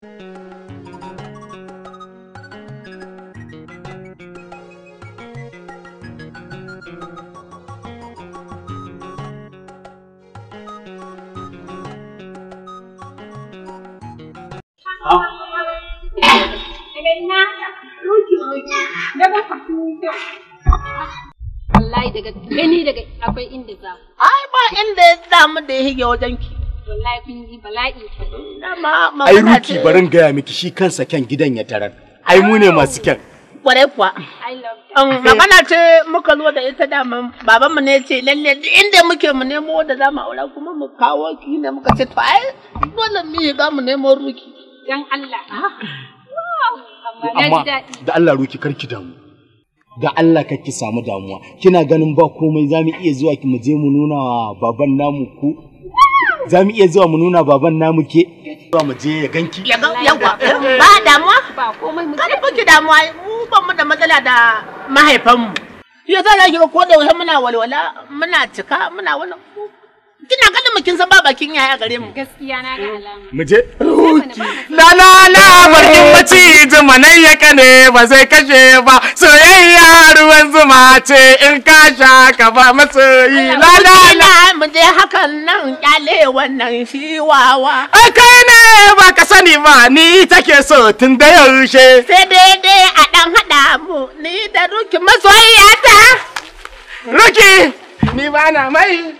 Wallahi daga gani daga akwai inda za. Ai ba inda ya samu da ya hige wajen ki. ai ruki barin gaya miki shi kansa kyan gidan ya tarar ai mu ne masu kyan kwarai kuwa um, magana ce muka zo da ita dama baban mu ne ce lalle duk inda muke mu nemo da za mu aura kuma mu kawo ki ne muka ce to ai dole mu yi ga mu nemo ruki dan Allah ah. amma da Allah ruki kar ki damu da Allah ki samu damuwa kina ganin ba komai za mu iya zuwa ki mu je mu nuna wa baban namu ku za mu iya zuwa mu nuna baban namu ke zuwa mu je ya ganki ya yawa ba damuwa ba komai mu kada kuke damuwa mu ba mu da matsala da mahaifanmu ya za ki ga ko da muna walwala muna cika muna wannan kina ganin mu kin san ba bakin yaya gare mu gaskiya na ga alama mu je la la la barkin maci zuma nan ya kane ba sai kashe ba soyayya ruwan zuma ce in ka sha ka ba masoyi la la la mu je hakan nan kyale wannan shi wawa ai kai ne ba ka sani ba ni take so tun da yaushe sai dai dai a dan hada mu ni da ruki masoyiyata ruki ni ba na mai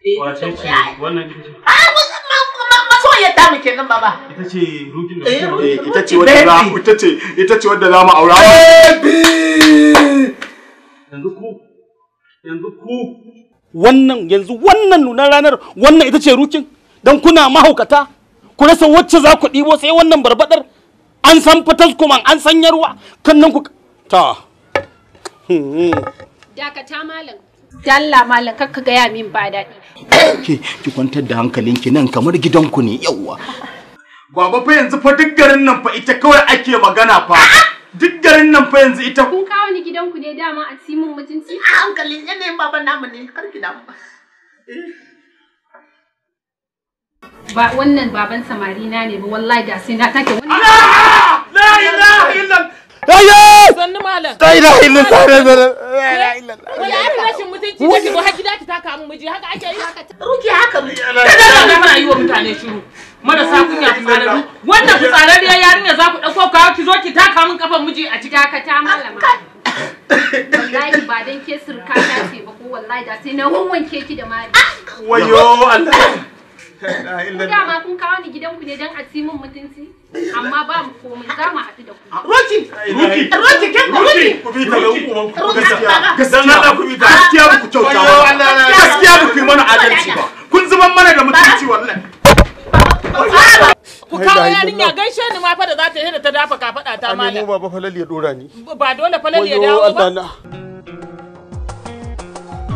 Wace ce wannan ita ce? ita ce wadda za mu aura. Yanzu ku yanzu ku wannan yanzu wannan nunar ranar wannan ita ce rukin dan kuna mahaukata ku rasa wacce za ku ɗibo sai wannan barbaɗar an san fitas kuma an san yarwa kan nan ku ta dakata malam Dalla malam kar ka gaya min ba daɗi. Ki ki kwantar da hankalinki nan kamar gidanku ne yawwa. Baba fa yanzu fa duk garin nan fa ita kawai ake magana fa. Duk garin nan fa yanzu ita. Kun kawo ni gidanku ne dama a cimin mutunci. A hankali ne baban namu ne kar ki damu. Ba wannan baban samari na ne ba wallahi ga sai na take wannan. La ilaha illallah. Ayyo! Sannu malam. La ilaha illallah. La ilaha illallah. ki ki zo har gida ki taka miji haka ake yi haka ruki haka kada da muna yi wa mutane shiru marasa kunya fitsararru wannan ya yarinya za ku ɗauko ka ki zo ki taka min kafan miji a ciki haka ta malama wallahi ba dan ke surka ta ce ba ko wallahi da sai na wanwanke ki da mari wayo Allah Ku dama kun kawo ni gidanku ne don a ci min mutunci, amma ba mu komai za mu haɗu da ku. Roki! Roki! Roki! Roki! Ku bi ta yau kuma ku gaskiya. Gaskiya na ku bi ta. Gaskiya ba ku kyauta ba. Gaskiya ba ku yi mana adalci ba. Kun zuban mana da mutunci Ku kawo yarinya gaishe ni ma fa da za ta yi da ta dafa kafaɗa ta malam. Ani ba Ba dole falali ya dawo ba.